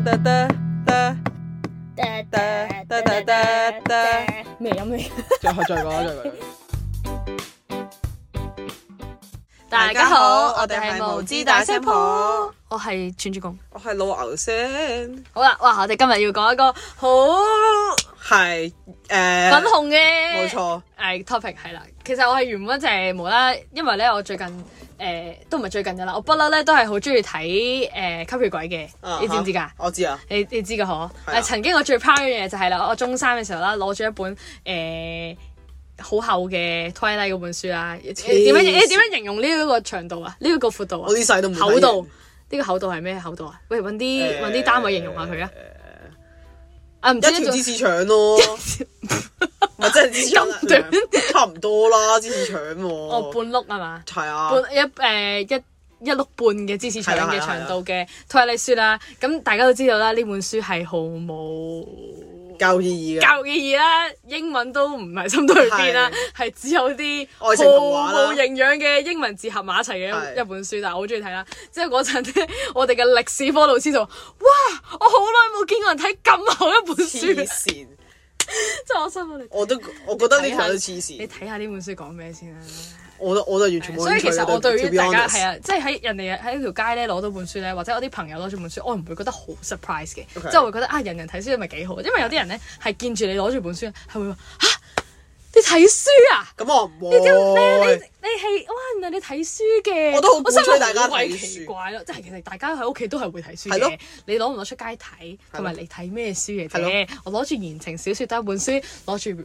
咩飲咩？再合作一句一個。 大家好，我哋係無知大聲婆，我係串主公， 我係老牛聲。好啦，哇！我哋今日要講一個好係誒粉紅嘅，冇錯錯。誒，topic 係啦。其實我係原本就係無啦，因為咧我最近。誒、呃、都唔係最近嘅啦，我不嬲咧都係好中意睇誒吸血鬼嘅，你知唔知㗎？我知啊，你你知㗎嗬？曾經我最怕一樣嘢就係啦，我中三嘅時候啦，攞住一本誒好、呃、厚嘅 Twilight 嗰本書啦，點樣？你點樣形容呢個長度啊？呢、這個闊度、啊？我啲細都唔厚度，呢、這個厚度係咩厚度啊？喂，揾啲啲單位形容下佢啊！啊唔知一條芝士腸咯、啊，唔係 真係芝士腸、啊， 差唔多啦芝士腸喎。哦半碌係嘛？係啊，哦、半，啊半一誒、呃、一一碌半嘅芝士腸嘅長度嘅，睇下、啊啊啊、你算啦。咁大家都知道啦，呢本書係毫冇教育意義啦，教育意義啦，英文都唔係針對邊啦，係對只有啲毫無營養嘅英文字合埋一齊嘅一本書，對但係我好中意睇啦。即係嗰陣咧，我哋嘅歷史科老師就話，哇！我好耐冇見過人睇咁厚一本書。黐線，係 我心都～我都我覺得呢冊都黐線。你睇下呢本書講咩先啦？我我都，我都完全冇，所以其實我對於大家係啊，即係喺人哋喺條街咧攞到本書咧，或者我啲朋友攞住本書，我唔會覺得好 surprise 嘅，即係 Okay. 會覺得啊，人人睇書咪幾好，因為有啲人咧係見住你攞住本書係會話啊，你睇書啊？咁我唔會，你係哇，原來你睇書嘅，我都好鼓勵大家睇書。奇怪咯，即係書其實大家喺屋企都係會睇書嘅，了你攞唔攞出街睇，同埋你睇咩書嘅了我攞住言情小説一本書，攞住。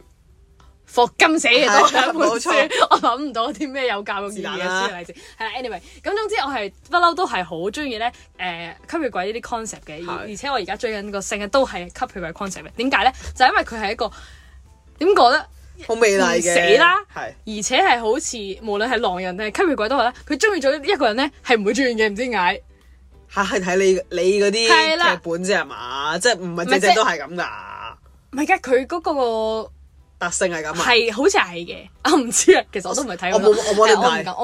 霍金死嘅我諗唔到啲咩有教育意義嘅例子係啦，anyway，咁總之我係不嬲都係好中意咧，誒、呃，吸血鬼呢啲 concept 嘅，是的 而且我而家追緊個性嘅都係吸血鬼 concept 嘅。點解咧？就是、因為佢係一個點講得好美麗嘅，死啦，是的 而且係好似無論係狼人定係吸血鬼都好啦，佢中意咗一個人咧係唔會轉嘅，唔知點解，吓係睇你你嗰啲劇本啫嘛，即係唔係正正都係咁噶？唔係嘅，佢嗰個，個、那個。特性係咁啊，係好似係嘅，我唔知啊。其實我都唔係睇，我我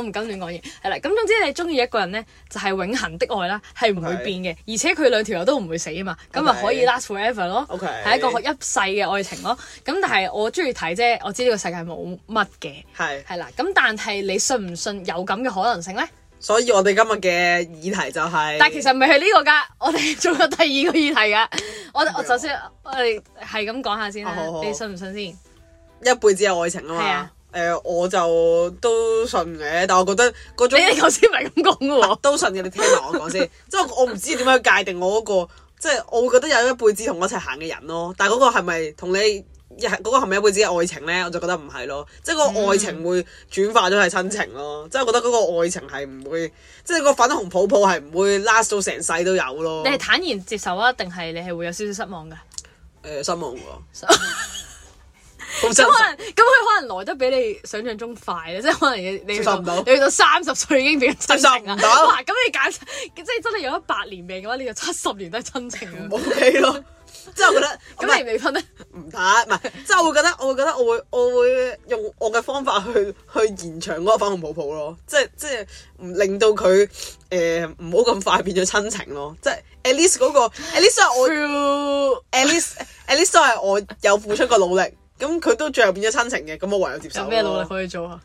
唔敢亂講嘢。係啦，咁總之你中意一個人咧，就係、是、永恆的愛啦，係唔會變嘅，Okay. 而且佢兩條友都唔會死啊嘛，咁咪 Okay. 可以 last forever 咯，係 Okay. 一個一世嘅愛情咯。咁但係我中意睇啫，我知呢個世界冇乜嘅，係係是啦。咁但係你信唔信有咁嘅可能性咧？所以我哋今日嘅議題就係、是，但其實唔係係呢個㗎，我哋仲有第二個議題㗎我。我就我首先我哋係咁講下先 你信唔信先？一輩子嘅愛情啊嘛，誒、啊呃、我就都信嘅，但我覺得嗰種頭先唔係咁講嘅喎，都信嘅，你聽埋我講先，即係 我唔知點樣界定我嗰、那個，即係 我會覺得有一輩子同我一齊行嘅人咯，但係嗰個係咪同你嗰、那個係咪一輩子嘅愛情咧？我就覺得唔係咯，即、就、係、是、個愛情會轉化咗係親情咯，即、嗯、我覺得嗰個愛情係唔會，即、就、係、是、個粉紅泡泡係唔會 last 到成世都有咯。你係坦然接受啊，定係你係會有少少失望嘅？誒、呃、失望喎。 咁可能，咁佢可能來得比你想象中快咧，即係可能你去到，你去到三十歲已經變親情，接受唔到。哇，咁你揀，即係真係有一百年命嘅話，你就七十年都係親情 OK 咯， 即係我覺得咁你未婚咧，唔得， 唔係，即係我會覺得，我會覺得，我會，我會用我嘅方法去去延長嗰個粉紅泡泡咯，即係即係唔令到佢誒唔好咁快變咗親情咯，即係 at least 嗰、那個 at least 我 at least at least 我係我有付出過努力。 咁佢都最後變咗親情嘅，咁我唯有接受。有咩努力可以做啊？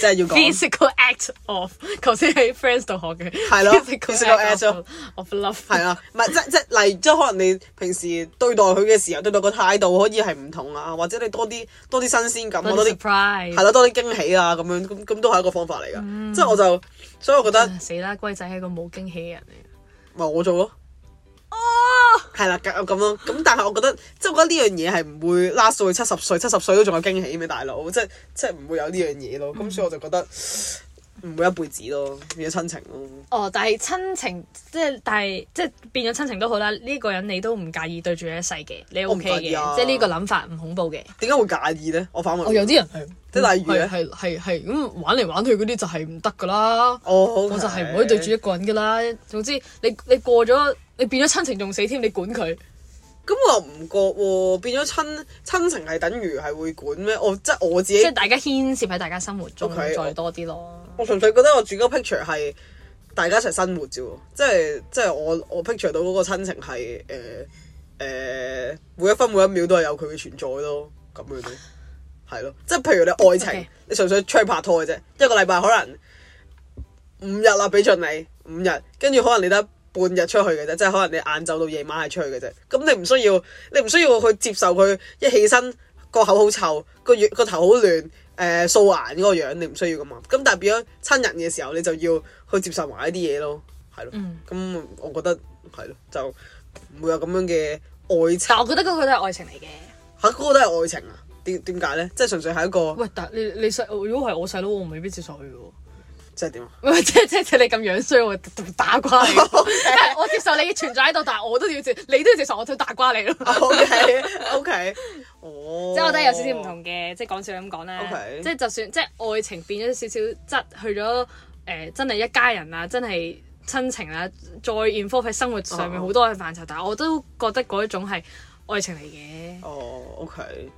即係要講 physical act of，頭先喺 friends 度學嘅。係咯，physical act of love。係啊，唔係即即例如即可能你平時對待佢嘅時候對待個態度可以係唔同啊，或者你多啲多啲新鮮感，多啲 surprise，係啦，多啲驚喜啊咁樣，咁咁都係一個方法嚟㗎。即我就，所以我覺得死啦，龜仔係個冇驚喜嘅人嚟。咪我做咯。哦，係啦，咁咯，咁但係我覺得即係、就是、我覺得呢樣嘢係唔會 last 到七十歲，七十歲都仲有驚喜咩？大佬，即係即係唔會有呢樣嘢咯。咁、嗯、所以我就覺得唔會一輩子咯，變咗親情咯。哦，但係親情即係、就是、但係即係變咗親情都好啦。呢、呢個人你都唔介意對住一世嘅，你 O K 嘅，即係呢個諗法唔恐怖嘅。點解會介意咧？我反問、哦。有啲人係即、嗯、例如咧，係係係咁玩嚟玩去嗰啲就係唔得噶啦。哦 okay. 我就係唔可以對住一個人噶啦。總之你你過咗。你變咗親情仲死添，你管佢？咁我又唔覺喎、啊，變咗親親情係等於係會管咩？我即係我自己，即係大家牽涉喺大家生活中，okay, 再多啲咯。我純粹覺得我轉個 picture 係大家一齊生活啫，即係即係我我 picture 到嗰個親情係誒誒每一分每一秒都係有佢嘅存在咯，咁嘅啫，係咯。即係譬如你愛情，Okay. 你純粹出去拍拖嘅啫，一個禮拜可能五日啦，俾盡你五日，跟住可能你得。半日出去嘅啫，即係可能你晏晝到夜晚係出去嘅啫。咁你唔需要，你唔需要去接受佢一起身個口好臭，個月個頭好亂，誒、呃、素顏嗰個樣，你唔需要噶嘛。咁但係變咗親人嘅時候，你就要去接受埋一啲嘢咯，係咯。咁我覺得係咯，就唔會有咁樣嘅愛情。我覺得嗰個都係愛情嚟嘅。嚇，嗰個都係愛情啊？點點解咧？即係純粹係一個喂，但你你細，如果係我細佬，我未必接受佢喎。即係點 即係即係你咁樣衰，我打瓜你。Okay. 我接受你嘅存在喺度，但係我都要接，你都要接受我,我打瓜你咯。O K，O K，哦。即係我覺得有少少唔同嘅，即係講笑咁講啦。即係就算即係愛情變咗少少質，去咗誒、呃，真係一家人啊，真係親情啦，再 inform 喺生活上面好多嘅範疇，oh. 但係我都覺得嗰一種係愛情嚟嘅。哦，O K，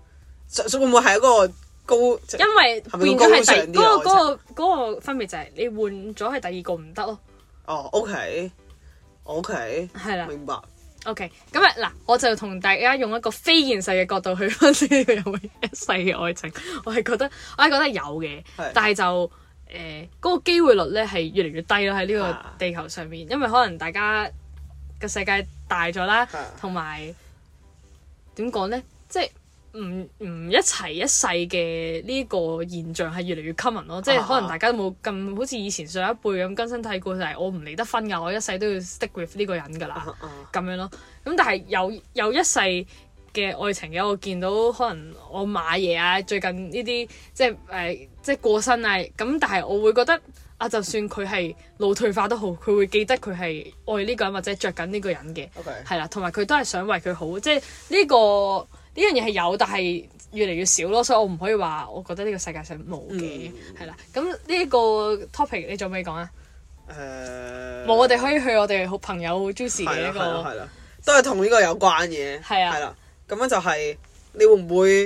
就會唔會係一個？高，因為變咗係第嗰個嗰、嗰個嗰個嗰個分別就係你換咗係第二個唔得咯。哦，OK，OK，係啦，明白。OK，咁啊嗱，我就同大家用一個非現實嘅角度去分析呢一世嘅愛情。 我係覺得，我係覺得有嘅，的但係就誒嗰、呃嗰個機會率咧係越嚟越低咯喺呢個地球上面，啊、因為可能大家嘅世界大咗啦，同埋點講咧，即係。唔唔一齊一世嘅呢個現象係越嚟越 common 咯，uh huh. 即係可能大家都冇咁好似以前上一輩咁更新睇過，就係我唔離得分㗎，我一世都要 stick with 呢個人㗎啦，咁、uh huh. 樣咯。咁但係有有一世嘅愛情嘅，我見到可能我買嘢啊，最近呢啲即係誒、呃、即係過身啊。咁但係我會覺得啊，就算佢係腦退化都好，佢會記得佢係愛呢個人或者着緊呢個人嘅係啦，同埋佢都係想為佢好，即係呢、呢個。呢樣嘢係有，但係越嚟越少咯，所以我唔可以話我覺得呢個世界上冇嘅，係啦、嗯。咁呢一個 topic 你做咩講啊？誒、呃，冇，我哋可以去我哋好朋友 Juice 嘅一個，都係同呢個有關嘅，係啊了。咁樣就係你會唔會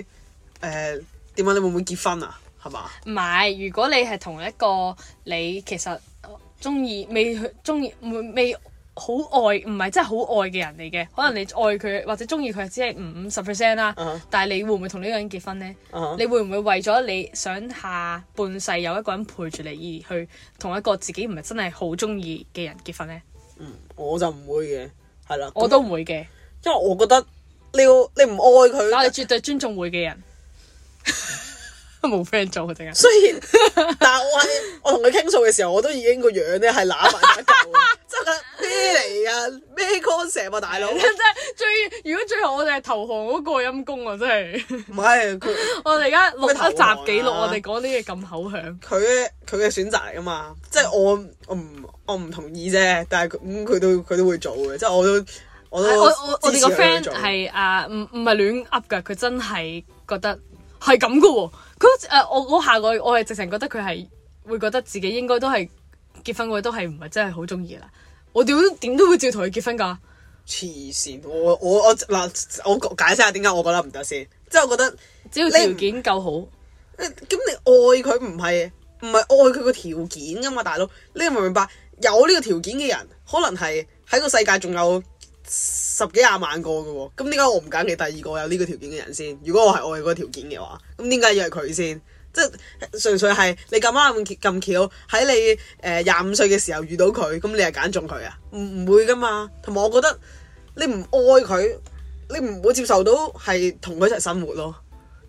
誒點樣？你會唔會結婚啊？係嘛？唔係，如果你係同一個你其實中意未去中意未。好愛唔係真係好愛嘅人嚟嘅，可能你愛佢或者中意佢只係五十 percent 啦，uh huh. 但係你會唔會同呢個人結婚呢？Uh huh. 你會唔會為咗你想下半世有一個人陪住你而去同一個自己唔係真係好中意嘅人結婚呢？嗯，我就唔會嘅，係啦，我都唔會嘅，因為我覺得你要你唔愛佢，但你絕對尊重會嘅人。 冇 friend 做嘅、啊，真係。雖然，但係我我同佢傾訴嘅時候，我都已經個樣咧係揦埋一嚿，即係覺得咩嚟啊？咩 concept 啊，大佬真係最。如果最後我哋係投降，我都過陰功啊！真係唔係佢。 我哋而家錄一集紀錄，啊、我哋講啲嘢咁口響。佢佢嘅選擇嚟啊嘛，即係我我唔我唔同意啫。但係咁佢都佢都，都會做嘅，即係我都我都。係我我我哋個 friend 係啊，唔唔係亂噏嘅，佢真係覺得係咁嘅喎。誒、啊，我下個我係直情覺得佢係會覺得自己應該都係結婚是是，我都係唔係真係好中意啦。我點點都會照同佢結婚噶？黐線！我我我嗱，我解釋下點解我覺得唔得先，即、就、係、是、我覺得只要條件夠好。咁你，你愛佢唔係唔係愛佢個條件噶嘛，大佬？你明唔明白？有呢個條件嘅人，可能係喺個世界仲有，十幾廿萬個嘅喎，咁點解我唔揀你第二個有呢個條件嘅人先？如果我係愛嗰個條件嘅話，咁點解要係佢先？即係純粹係你咁啱咁巧喺你誒廿五歲嘅時候遇到佢，咁你係揀中佢啊？唔唔會噶嘛。同埋我覺得你唔愛佢，你唔會接受到係同佢一齊生活咯。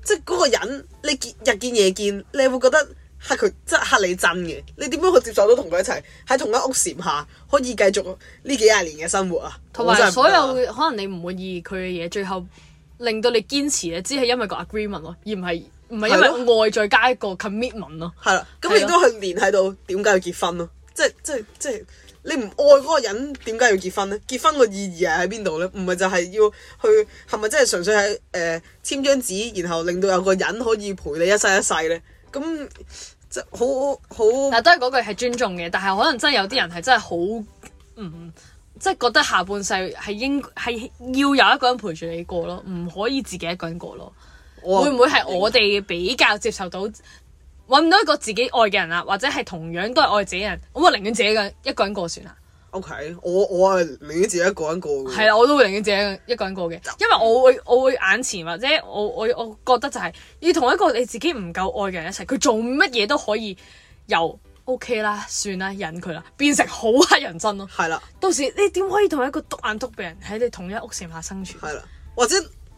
即係嗰個人你見日見夜見，你會覺得。係佢即係你真嘅，你點樣去接受到同佢一齊喺同一屋檐下可以繼續呢幾廿年嘅生活啊？同埋有所有可能你唔滿意佢嘅嘢，最後令到你堅持咧，只係因為個 agreement 咯，而唔係唔係因為愛再加一個 commitment 咯的。係啦的，咁亦都去聯繫到點解要結婚咯？即係即係即係你唔愛嗰個人，點解要結婚咧？結婚個意義係喺邊度咧？唔係就係要去係咪真係純粹喺誒、呃、簽張紙，然後令到有個人可以陪你一生一世咧？咁。即係好好，嗱都係嗰句係尊重嘅，但係可能真係有啲人係真係好唔即係覺得下半世係應係要有一個人陪住你過咯，唔可以自己一個人過咯。我會唔會係我哋比較接受到揾唔到一個自己愛嘅人啊，或者係同樣都係愛自己嘅人，我寧願自己一個人一個人過算啦。OK，我我係寧願自己一個人過嘅。係啊，我都會寧願自己一個人過嘅，因為我會我會眼前或者我我我覺得就係要同一個你自己唔夠愛嘅人一齊，佢做乜嘢都可以由 OK 啦，算啦，忍佢啦，變成好乞人憎咯。係啦。了到時你點可以同一個篤眼篤鼻人喺你同一屋檐下生存？係啦。或者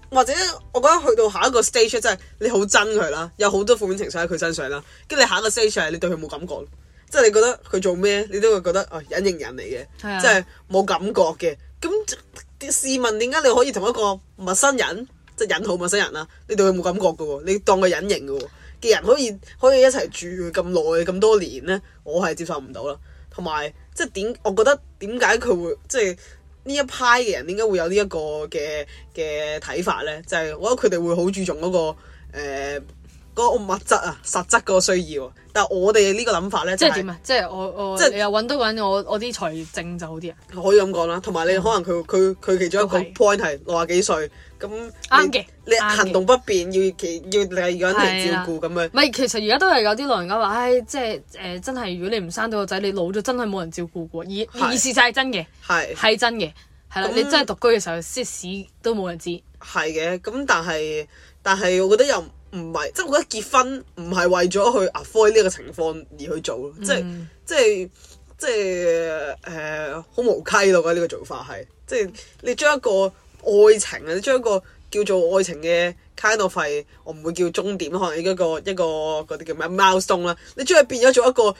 或者，我覺得去到下一個 stage 真係你好憎佢啦，有好多負面情緒喺佢身上啦，跟住你下一個 stage 你對佢冇感覺。即係你覺得佢做咩，你都會覺得啊呃、隱形人嚟嘅。Yeah. 即係冇感覺嘅。咁試問，點解你可以同一個陌生人，即係引號陌生人啦，你對佢冇感覺噶喎你當佢隱形噶嘅人可以可以一齊住咁耐咁多年咧？我係接受唔到啦。同埋即係點，我覺得點解佢會即係呢一派嘅人點解會有呢一個嘅嘅睇法咧？就係、是、我覺得佢哋會好注重嗰、那個誒。呃個物質啊，實質嗰個需要，但係我哋呢個諗法咧，即係點啊？即係我我即係又揾多個我我啲財政就好啲啊！可以咁講啦，同埋你可能佢佢佢其中一個 point 係六十幾歲咁啱嘅，你行動不便要其要另外人嚟照顧咁樣。唔係，其實而家都係有啲老人家話，唉，即係誒，真係如果你唔生到個仔，你老咗真係冇人照顧過，而事實係真嘅，係係真嘅，係啦，你真係獨居嘅時候，死咗都冇人知。係嘅，咁但係但係我覺得又。唔係，即係我覺得結婚唔係為咗去 avoid 呢、er、個情況而去做咯、嗯，即係即係即係誒好無稽咯，覺得呢個做法係，即係你將一個愛情啊，你將一個叫做愛情嘅 kind of 費，我唔會叫終點，可能一個一個嗰啲叫咩 milestone 啦，你將佢變咗做一個。一個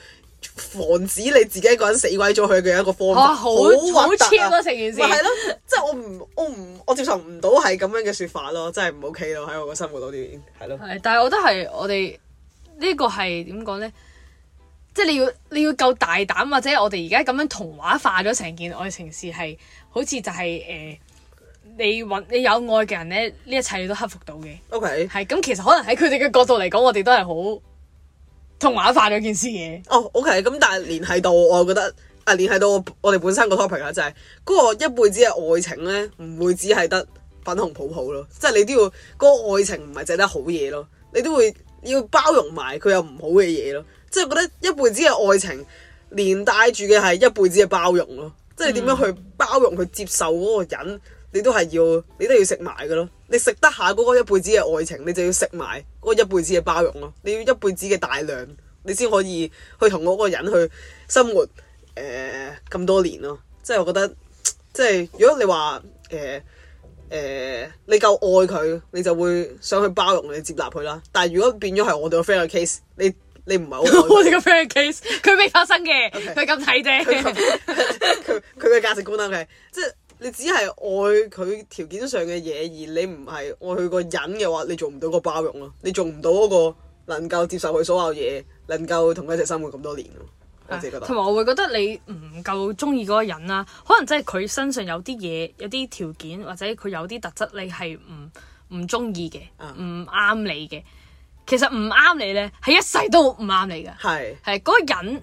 防止你自己一個人死鬼咗佢嘅一個方法，好核突啊！成件事，唔係咯，即係、 就是、我唔我唔我接受唔到係咁樣嘅說法咯，真係唔 OK 咯，喺我個生活度邊係咯。係，但係我覺得係我哋呢個係點講咧？即、就、係、是、你要你要夠大膽，或者我哋而家咁樣童話化咗成件愛情事，係好似就係、是、誒、呃，你搵你有愛嘅人咧，呢一切你都克服到嘅。OK，係咁，其實可能喺佢哋嘅角度嚟講，我哋都係好。童話化咗件事嘅哦、oh，OK，咁但係聯繫到，我覺得啊，聯繫到我哋本身個 topic 啊，就係嗰個一輩子嘅愛情咧，唔會只係得粉紅泡泡咯，即係你都要嗰、那個愛情唔係淨得好嘢咯，你都會要包容埋佢有唔好嘅嘢咯，即係覺得一輩子嘅愛情連帶住嘅係一輩子嘅包容咯，嗯、即係點樣去包容去接受嗰個人。你都係要，你都要食埋噶咯。你食得下嗰個一輩子嘅愛情，你就要食埋嗰個一輩子嘅包容咯。你要一輩子嘅大量，你先可以去同嗰個人去生活誒咁、呃、多年咯。即係我覺得，即係如果你話誒誒你夠愛佢，你就會想去包容你、接納佢啦。但係如果變咗係我哋嘅 friend 嘅 case，你你唔係好我哋嘅 friend 嘅 case，佢未發生嘅，佢咁睇啫。佢佢嘅價值觀啦，佢、okay. 即係。你只係愛佢條件上嘅嘢而你唔係愛佢個人嘅話，你做唔到個包容咯，你做唔到嗰個能夠接受佢所有嘢，能夠同佢一齊生活咁多年咯。我自己覺得，同埋我會覺得你唔夠中意嗰個人啦，可能真係佢身上有啲嘢，有啲條件或者佢有啲特質你係唔唔中意嘅，唔啱、嗯、你嘅。其實唔啱你呢，係一世都唔啱你嘅。係係嗰個人。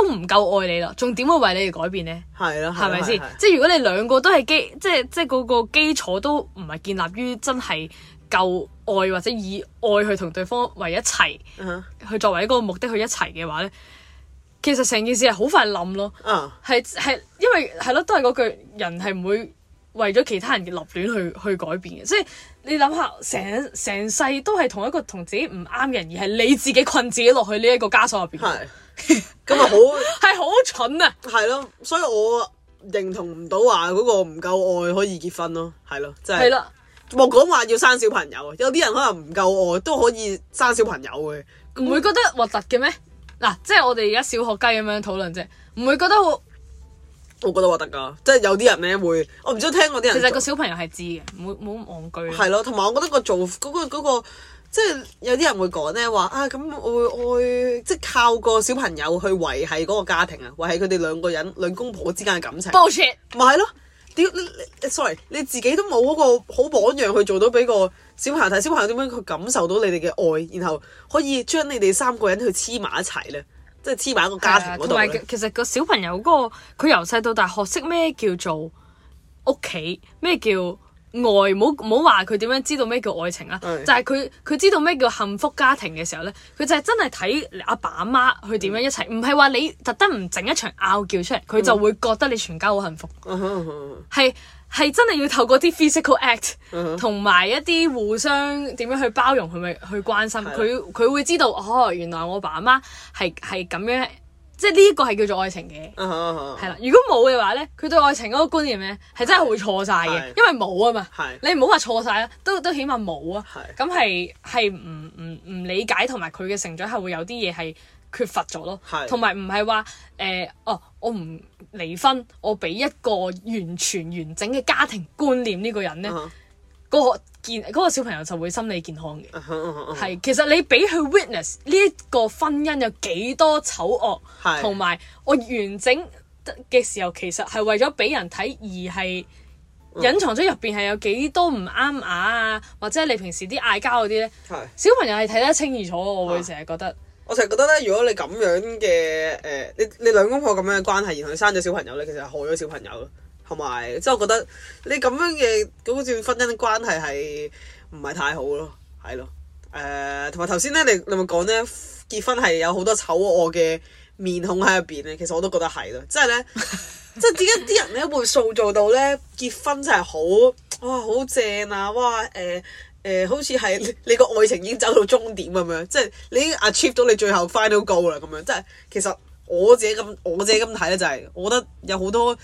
都唔夠愛你啦，仲點會為你哋改變呢？係咯，係咪先？即係如果你兩個都係基，即係即係嗰個基礎都唔係建立於真係夠愛或者以愛去同對方為一齊，uh huh. 去作為一個目的去一齊嘅話呢，其實成件事係好快冧咯。啊、uh，係、huh. 係，因為係咯，都係嗰句，人係唔會為咗其他人嘅立戀去去改變嘅。所以你諗下，成成世都係同一個同自己唔啱嘅人，而係你自己困自己落去呢一個枷鎖入邊。咁咪好係好蠢啊！係咯，所以我認同唔到話嗰個唔夠愛可以結婚咯，係咯，即係。係啦，莫講話要生小朋友，有啲人可能唔夠愛都可以生小朋友嘅，唔會覺得核突嘅咩？嗱、啊，即係我哋而家小學雞咁樣討論啫，唔會覺得好？我覺得核突噶，即係有啲人咧會，我唔知我聽過啲人。其實個小朋友係知嘅，唔好唔好戇居。係咯，同埋我覺得個做個嗰個嗰個即係有啲人會講咧話啊咁，我會愛即係靠個小朋友去維係嗰個家庭啊，維係佢哋兩個人兩公婆之間嘅感情。Bullshit，咪係咯？你，你，Sorry，你自己都冇嗰個好榜樣去做到，俾個小朋友睇，小朋友點樣去感受到你哋嘅愛，然後可以將你哋三個人去黐埋一齊咧，即係黐埋一個家庭嗰度。其實個小朋友嗰個，佢由細到大學識咩叫做屋企，咩叫？愛冇冇話佢點樣知道咩叫愛情啦，嗯、就係佢佢知道咩叫幸福家庭嘅時候呢，佢就係真係睇阿爸阿媽佢點樣一齊，唔係話你特登唔整一場拗撬出嚟，佢就會覺得你全家好幸福，係係、嗯嗯嗯嗯、真係要透過啲 physical act，同埋、嗯嗯、一啲互相點樣去包容佢咪去關心佢，佢、嗯、會知道哦，原來我阿爸阿媽係係咁樣。即係呢個係叫做愛情嘅，係啦、uh huh, uh huh。如果冇嘅話咧，佢對愛情嗰個觀念咧，係真係會錯晒嘅，uh huh. 因為冇啊嘛。Uh huh. 你唔好話錯晒啦，都都起碼冇啊。係咁係係唔唔唔理解，同埋佢嘅成長係會有啲嘢係缺乏咗咯。同埋唔係話誒哦，我唔離婚，我俾一個完全完整嘅家庭觀念呢個人咧。Uh huh. 嗰個健嗰、嗰個小朋友就會心理健康嘅，係、uh huh, uh huh. 其實你俾佢 Witness 呢個婚姻有幾多醜惡，同埋、uh huh. 我完整嘅時候，其實係為咗俾人睇而係隱藏咗入邊係有幾多唔啱牙啊，uh huh. 或者你平時啲嗌交嗰啲呢。Uh huh. 小朋友係睇得清清楚楚，uh huh. 我會成日覺得，uh huh. 我成日覺得咧，如果你咁樣嘅誒、呃，你你兩公婆咁樣嘅關係，然後你生咗小朋友咧，你其實係害咗小朋友。同埋，即係我覺得你咁樣嘅好似婚姻關係係唔係太好咯？係咯，誒，同埋頭先咧，你你咪講咧結婚係有好多醜惡嘅面孔喺入邊咧。其實我都覺得係咯，即係咧，即係點解啲人咧會塑造到咧結婚真係好哇，好正啊！哇，誒誒，好似係你個愛情已經走到終點咁樣，即係你已經 achieve 到你最後 final goal 啦咁樣。即係其實我自己咁我自己咁睇咧，就係我覺得有好多。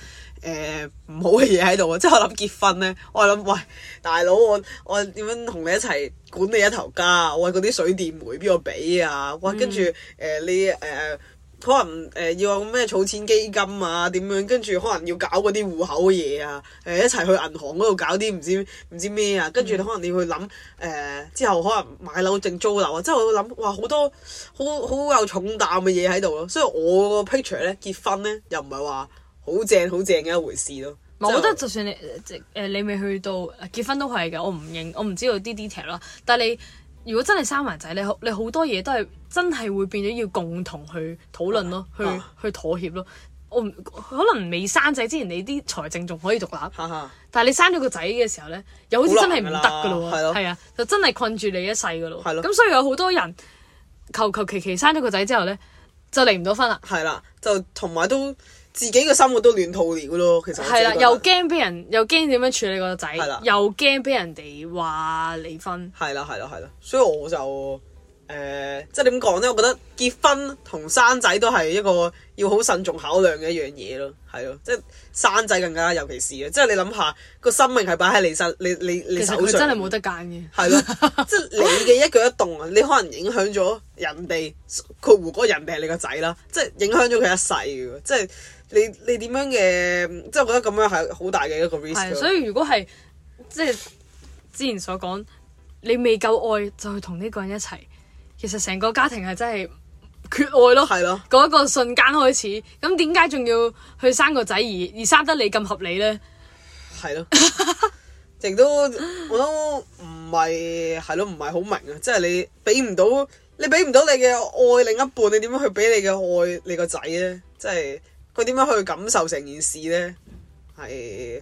誒唔、呃、好嘅嘢喺度啊！即係我諗結婚咧，我係諗喂，大佬我我點樣同你一齊管理一頭家啊？我話嗰啲水電煤邊個俾啊？哇！嗯、跟住誒、呃、你誒、呃、可能誒、呃、要有個咩儲錢基金啊？點樣跟住可能要搞嗰啲戶口嘅嘢啊？誒、呃、一齊去銀行嗰度搞啲唔知唔知咩啊？跟住可能你去諗誒、呃、之後可能買樓定租樓啊！即係我諗哇好多好好有重擔嘅嘢喺度咯。所以我個 picture 咧結婚咧又唔係話好正好正嘅一回事咯。我覺得就算你即誒，你未去到結婚都係嘅。我唔認，我唔知道啲啲嘢咯。但係你如果真係生埋仔，你你好多嘢都係真係會變咗要共同去討論咯，去去妥協咯。我可能未生仔之前，你啲財政仲可以獨立。但係你生咗個仔嘅時候咧，又好似真係唔得嘅咯。係啊，就真係困住你一世嘅咯。係咯。咁所以有好多人求求其其生咗個仔之後咧，就離唔到婚啦。係啦，就同埋都。自己嘅生活都亂套了咯，其實係啦，又驚俾人，又驚點樣處理個仔，了又驚俾人哋話離婚，係啦係啦係啦，所以我就誒、呃，即係點講咧？我覺得結婚同生仔都係一個要好慎重考量嘅一樣嘢咯，係咯，即係生仔更加，尤其是嘅，即係你諗下個生命係擺喺你身，你你你手上，真係冇得揀嘅，係咯了， 即係你嘅一舉一動啊，你可能影響咗人哋，括弧嗰個人哋係你個仔啦，即係影響咗佢一世嘅，即係。你你點樣嘅？即係我覺得咁樣係好大嘅一個 risk。係，所以如果係即係之前所講，你未夠愛就去同呢個人一齊，其實成個家庭係真係缺愛咯。係咯了，嗰一個瞬間開始，咁點解仲要去生個仔而而生得你咁合理咧？係咯了，成 都我都唔係係咯，唔係好明啊。即係你俾唔到你俾唔到你嘅愛另一半，你點樣去俾你嘅愛你個仔咧？即係。佢點樣去感受成件事咧？係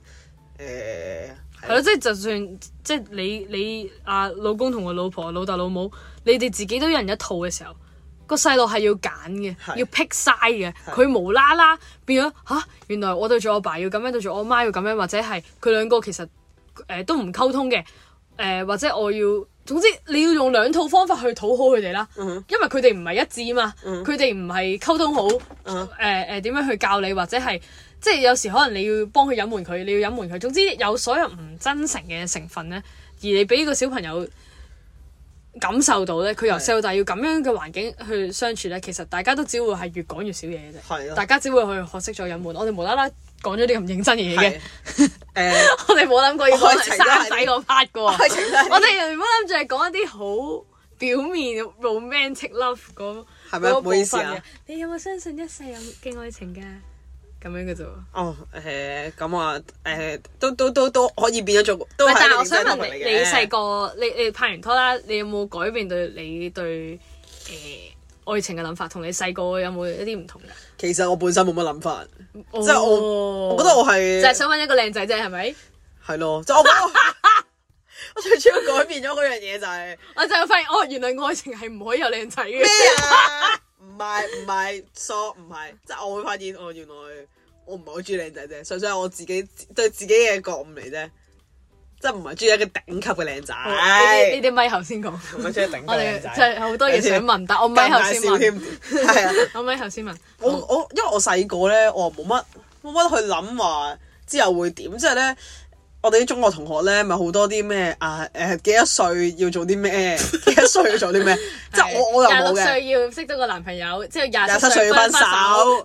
誒，係咯，呃、 即係就算即係你你阿老公同我老婆老豆老母，你哋自己都有人一套嘅時候，個細路係要揀嘅，要劈曬嘅。佢是的 無啦啦變咗嚇是的，原來我對住我爸要咁樣，對住我媽要咁樣，或者係佢兩個其實誒、呃、都唔溝通嘅誒、呃，或者我要。總之你要用兩套方法去討好佢哋啦，嗯、哼因為佢哋唔係一致嘛，佢哋唔係溝通好，誒誒點樣去教你或者係，即係有時可能你要幫佢隱瞞佢，你要隱瞞佢。總之有所有唔真誠嘅成分咧，而你俾個小朋友感受到咧，佢由細到大要咁樣嘅環境去相處咧，嗯、哼其實大家都只會係越講越少嘢嘅啫，嗯、哼大家只會去學識咗隱瞞。我哋無啦啦。講咗啲咁認真嘅嘢嘅，誒、呃 呃呃，我哋冇諗過要講生仔嗰 part 嘅，我哋原本諗住係講一啲好表面 romantic love 嗰，係咪嗎？唔好意思啊，你有冇相信一世有嘅愛情㗎？咁樣嘅啫哦，誒、呃，咁我誒都都都都，都可以變咗做，都但係我想問你，你細個你你拍完拖啦，你有冇改變對你對誒？呃愛情嘅諗法你有有同你細個有冇一啲唔同嘅？其實我本身冇乜諗法，哦、即係我，我覺得我係就係想揾一個靚仔啫，係咪？係咯，就我最主要改變咗嗰樣嘢就係， 我就發現哦，原來愛情係唔可以有靚仔嘅。咩啊？唔係唔係，sorry 唔係，即係我會發現哦，原來我唔係好中意靚仔啫，純粹係我自己對自己嘅覺悟嚟啫。即係唔係中意一個頂級嘅靚仔？呢啲呢啲咪頭先講。我哋即係好多嘢想問，但我咪頭先問。嗯、 我咪頭先問。我我因為我細個咧，我冇乜冇乜去諗話之後會點。即係咧，我哋啲中學同學咧，咪好多啲咩啊？誒、呃、幾多歲要做啲咩？ 幾多歲要做啲咩？ 即係我我廿六歲要識得個男朋友，即係廿七歲分手，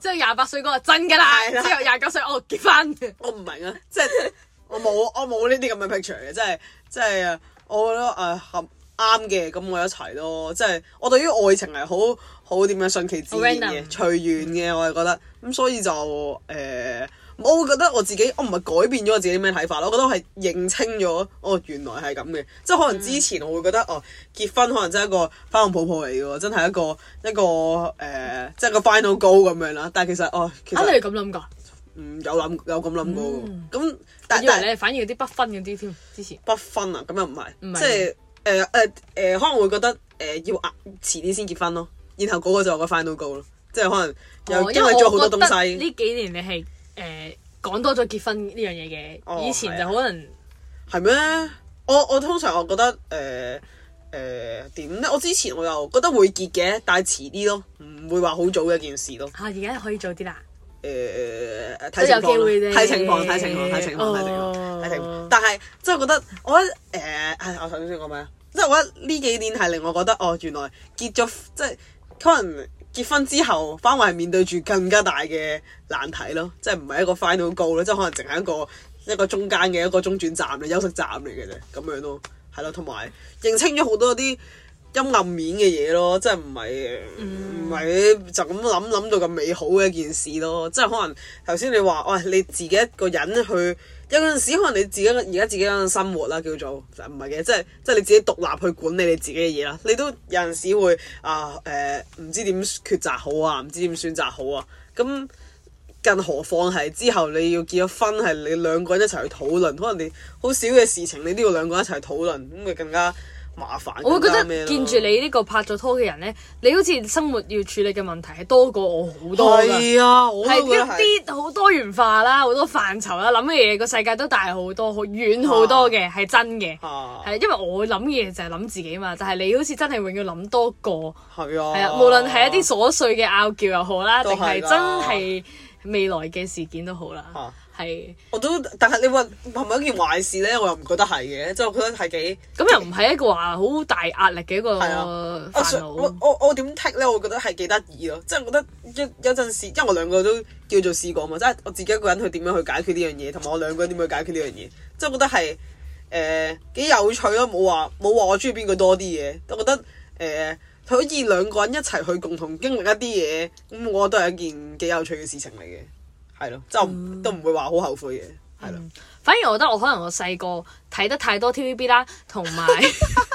即係廿八歲嗰個真㗎啦。 之後廿九歲我、哦、結婚。我唔明啊，即係。 我冇，我冇呢啲咁嘅 picture 嘅，即係即係我覺得誒、呃、合啱嘅，咁我一齊咯。即係我對於愛情係好好點樣順其自然嘅 隨緣嘅，我係覺得咁，所以就誒、呃，我會覺得我自己，我唔係改變咗我自己啲咩睇法，我覺得我係認清咗哦，原來係咁嘅。即係可能之前我會覺得、嗯、哦，結婚可能真係一個花童抱抱嚟嘅喎，真係一個一個誒，即係個、呃、個 final goal 咁樣啦。但係其實哦，其實啊，你係咁諗㗎？嗯，有諗有咁諗過，咁、嗯、但係你反而有啲不婚嗰啲添，之前不，不婚啊，咁又唔係，即係誒誒誒，可能會覺得誒、呃、要壓遲啲先結婚咯，然後嗰個就個 final goal 咯，即係可能又、哦、因為做咗好多東西。呢幾年你係誒講多咗結婚呢樣嘢嘅，以前就可能係咩、哦？我我通常我覺得誒誒點咧？我之前我又覺得會結嘅，但係遲啲咯，唔會話好早嘅一件事咯。嚇、啊，而家可以早啲啦。啊誒睇、呃、情，情況，睇情況，睇情況，睇情況，睇情況，睇情況。但係，即係覺得我誒係我頭先講咩啊？即係我覺得呢、呃、幾年係令我覺得哦，原來結咗即係可能結婚之後，反而係面對住更加大嘅難題咯。即係唔係一個 final goal 咯？即係可能淨係一個一個中間嘅一個中轉站嘅休息站嚟嘅啫，咁樣咯，係咯。同埋認清咗好多啲。陰暗面嘅嘢咯，即係唔係唔係就咁諗諗到咁美好嘅一件事咯。即係可能頭先你話，喂、哎、你自己一個人去，有陣時可能你自己而家自己生活啦，叫做唔係嘅，即係即係你自己獨立去管理你自己嘅嘢啦。你都有陣時會啊誒，唔、呃、知點抉擇好啊，唔知點選擇好啊。咁更何況係之後你要結咗婚，係你兩個人一齊去討論，可能你好少嘅事情你都要兩個人一齊討論，咁咪更加。麻煩，我會覺得見住你呢個拍咗拖嘅人呢，麼你好似生活要處理嘅問題係多過我好多㗎。係啊，係一啲好多元化啦，好多範疇啦，諗嘅嘢個世界都大好多，遠好多嘅係、啊、真嘅。係、啊、因為我諗嘢就係諗自己嘛，但係你好似真係永遠諗多個係啊，啊。無論係一啲瑣碎嘅拗撬又好啦，定係真係未來嘅事件都好啦。啊。係，是我都，但係你話係咪一件壞事咧？我又唔覺得係嘅，即、就、係、是、我覺得係幾咁又唔係一個話好大壓力嘅一個。係啊，oh, so, 我我我點剔咧？我覺得係幾得意咯，即、就、係、是、我覺得一有陣時，因為我兩個都叫做試過嘛，即、就、係、是、我自己一個人去點樣去解決呢樣嘢，同埋我兩個點點去解決呢樣嘢，即、就、係、是、覺得係誒、呃、幾有趣咯、啊。冇話冇話，我中意邊個多啲嘢。我覺得誒、呃、可以兩個人一齊去共同經歷一啲嘢，咁、嗯、我都係一件幾有趣嘅事情嚟嘅。係咯，就、oh. 都唔會話好後悔嘅，係咯、嗯。反而我覺得我可能我細個睇得太多 TVB 啦，同埋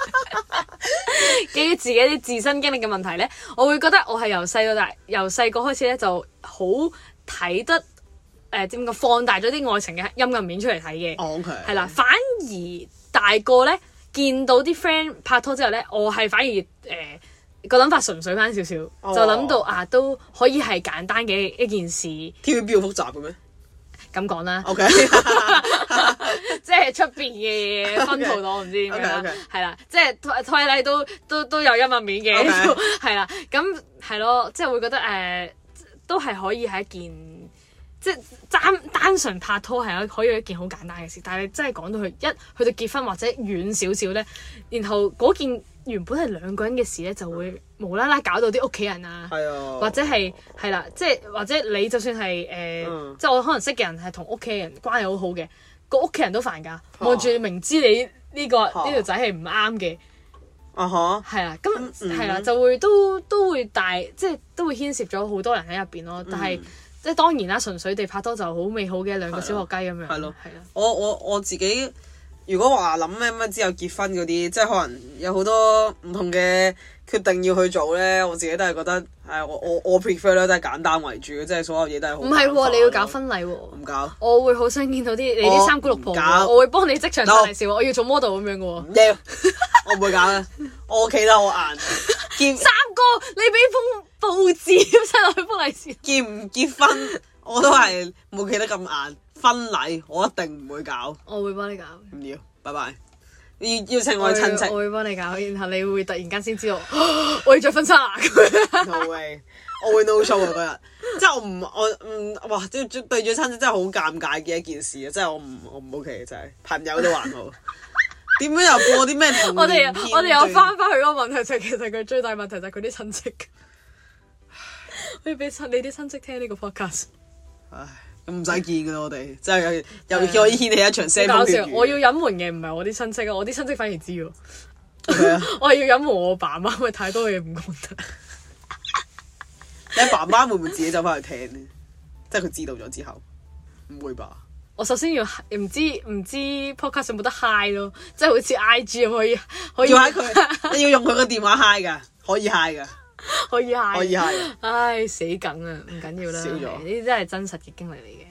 基於自己啲自身經歷嘅問題咧，我會覺得我係由細到大，由細個開始咧就好睇得誒，點講，放大咗啲愛情嘅陰暗面出嚟睇嘅。Oh, OK。係啦，反而大個咧見到啲 friend 拍拖之後咧，我係反而誒。呃個諗法純粹翻少少，oh, 就諗到啊都可以係簡單嘅一件事。T V B 要複雜嘅咩？咁講啦。O K，即係出邊嘅嘢，分桃黨唔知點樣，係啦。即係拖拖拉都都都有陰暗面嘅，係啦。咁係咯，即係會覺得誒、呃，都係可以係一件即係、就是、單單純拍拖係可可以一件好簡單嘅事。但係真係講到佢，一去到結婚或者遠少少咧，然後嗰件。原本係兩個人嘅事咧，就會無啦啦搞到啲屋企人啊，或者係係啦，即係或者你就算係誒，即係我可能識嘅人係同屋企人關係好好嘅，個屋企人都煩㗎，望住明知你呢個呢條仔係唔啱嘅，啊係啦，咁係啦，就會都都會大，即係都會牽涉咗好多人喺入邊咯。但係即係當然啦，純粹地拍拖就好美好嘅兩個小學雞咁樣，係我我我自己。如果話諗咩咩之後結婚嗰啲，即係可能有好多唔同嘅決定要去做咧，我自己都係覺得，係我我我 prefer 咧都係簡單為主，即係所有嘢都係好簡單。唔係喎，你要搞婚禮喎。唔搞。我會好想見到啲你啲三姑六婆，我會幫你即場派利是喎，我要做 model 咁樣嘅喎。唔要，我唔會搞啦，我企得好硬。三哥，你俾封報紙出落去封利是。結唔結婚我都係冇企得咁硬。婚禮我一定唔會搞，我會幫你搞。唔要，拜拜。邀邀請我嘅親戚我，我會幫你搞。然後你會突然間先知道， 我要着婚紗。冇謂，我會 no show 嗰日。即係我唔，我唔，哇！即，即對住親戚真係好尷尬嘅一件事啊！即係我唔，我唔 OK，真係。朋友都還好，點 樣又過啲咩？我哋我哋又翻返去嗰個問題就係其實佢最大問題就係佢啲親戚 你俾你啲親戚聽呢個 podcast。 唉。唔使見噶啦，我哋真係又可以掀起一場聲。搞笑，我要隱瞞嘅唔係我啲親戚啊，我啲親戚反而知喎。 我係要隱瞞我爸媽，因為太多嘢唔講得。你爸媽會唔會自己走翻去聽咧？ 即係佢知道咗之後，唔會吧？我首先要，唔知唔知 podcast 有冇得 hi 咯，即係好似 IG 可以可以。佢， 你要用佢個電話 hi 噶，可以 hi 噶。可以係，可以係，唉死梗啊！唔緊要啦，少咗，呢啲真係真實嘅經歷嚟嘅。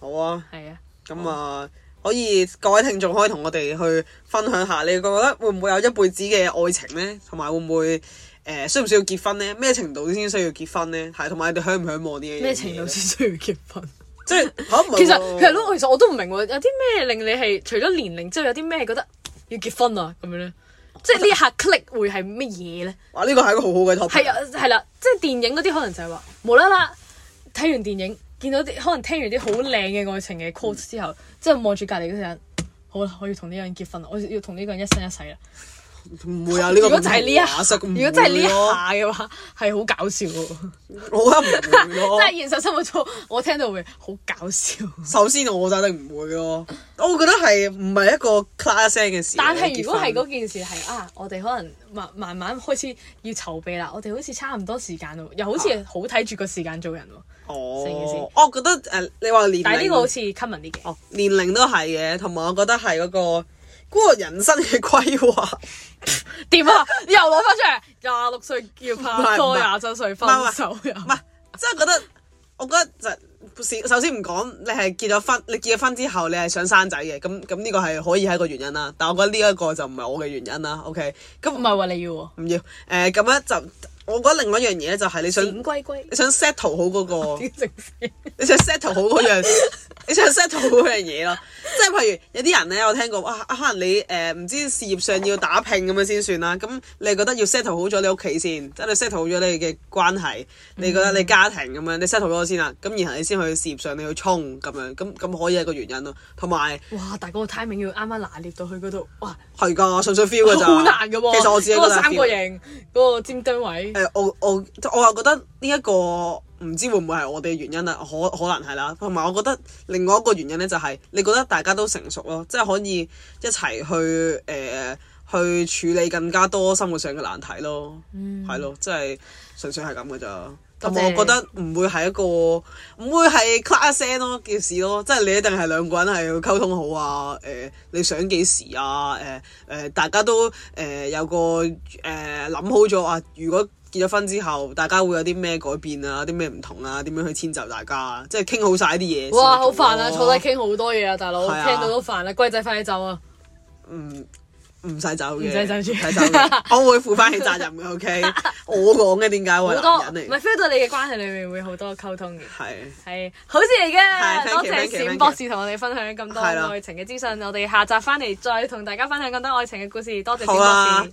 好啊，係啊，咁啊，可以各位聽眾可以同我哋去分享下，你覺得會唔會有一輩子嘅愛情呢？同埋會唔會誒、呃，需唔需要結婚呢？咩程度先需要結婚呢？係，同埋你哋向唔向往啲咩程度先需要結婚？即係，其實其實我都唔明，有啲咩令你係除咗年齡，之後有啲咩覺得要結婚啊咁樣咧？即係呢下 click 會係乜嘢咧？哇！呢個係一個好好嘅 topic。係啊，係啦、啊，即係電影嗰啲可能就係、是、話無啦啦睇完電影，見到啲可能聽完啲好靚嘅愛情嘅 quote 之後，即係望住隔離嗰陣，好啦，我要同呢個人結婚啦，我要同呢個人一生一世啦。唔會啊！呢個如、啊、如果真係呢一下，如果真係呢下嘅話，係好 搞笑喎。我覺得唔會咯。即係現實生活中，我聽到會好搞笑。首先我肯定唔會咯、啊， 我覺得係唔係一個 a 一聲嘅事。但係如果係嗰件事係啊，我哋可能慢慢慢開始要籌備啦。我哋好似差唔多時間喎，又好似好睇住個時間做人喎。啊、成件事、哦。我覺得誒、呃，你話年齡但呢個好似 common 啲嘅。哦，年齡都係嘅，同埋我覺得係嗰、嗰個。個人生嘅規劃點啊？你又攞翻出嚟，廿六歲要拍拖，廿七歲分手又唔係，真係覺得，我覺得就首先唔講，你係結咗婚，你結咗婚之後你係想生仔嘅，咁咁呢個係可以係一個原因啦。但係我覺得呢一個就唔係我嘅原因啦。OK，咁唔係話你要喎、啊，唔要誒，咁樣就。我覺得另外一樣嘢咧，就係你想歸歸你想 settle 好嗰、那個， 你想 settle 好嗰、那、樣、個， 你想 settle 好嗰樣嘢咯。即係 譬如有啲人咧，我聽過哇，可能你誒唔、呃、知事業上要打拼咁樣先算啦。咁你覺得要 settle 好咗你屋企先，即、就、係、是、settle 好咗你嘅關係，嗯、你覺得你家庭咁樣，你 settle 咗先啦。咁然後你先去事業上你去衝咁樣，咁咁可以係個原因咯。同埋哇，但係嗰個 timing 要啱啱拿捏到去嗰度，哇，係噶，純粹 feel 㗎咋。好難㗎喎、啊。其實我自己覺得嗰個三角形嗰個尖端位。誒我我我又覺得呢一個唔知會唔會係我哋嘅原因啦，可可能係啦。同埋我覺得另外一個原因咧，就係你覺得大家都成熟咯，即係可以一齊去誒、呃、去處理更加多生活上嘅難題咯。嗯，係咯，即係純粹係咁嘅咋。同埋謝謝 我覺得唔會係一個唔會係咔聲咯件事咯。即係你一定係兩個人係溝通好啊。誒、呃，你想幾時啊？誒、呃、誒、呃，大家都誒、呃、有個誒諗、呃、好咗啊、呃。如果結咗婚之後，大家會有啲咩改變啊？啲咩唔同啊？點樣去遷就大家啊？即係傾好晒啲嘢。哇，好煩啊！坐低傾好多嘢啊，大佬，聽到都煩啦！龜仔快啲走啊！唔唔使走嘅，唔使走，我會負翻起責任嘅，OK？我講嘅點解會好多，唔係 feel 到你嘅關係裏面會好多溝通嘅。係係好事嚟嘅，多謝錢博士同我哋分享咁多愛情嘅資訊。我哋下集翻嚟再同大家分享更多愛情嘅故事。多謝錢博士。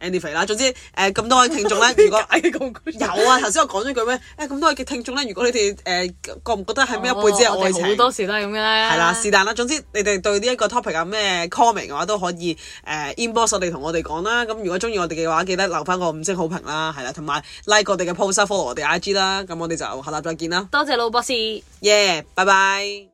Andy、anyway，肥啦，總之誒咁多位聽眾咧，如果有啊，頭先我講咗句咩誒咁多位嘅聽眾咧，如果你哋誒覺唔覺得係咩一輩子嘅愛情好多時都係咁樣咧係啦，是但啦。總之你哋對呢一個 topic 有咩 comment 嘅話都可以誒、呃、inbox 我哋同我哋講啦。咁如果中意我哋嘅話，記得留翻個五星好評啦。係啦，同埋 like 我哋嘅 post 啊，follow 我哋 I G 啦。咁我哋就下集再見啦。多謝老博士。耶！拜拜！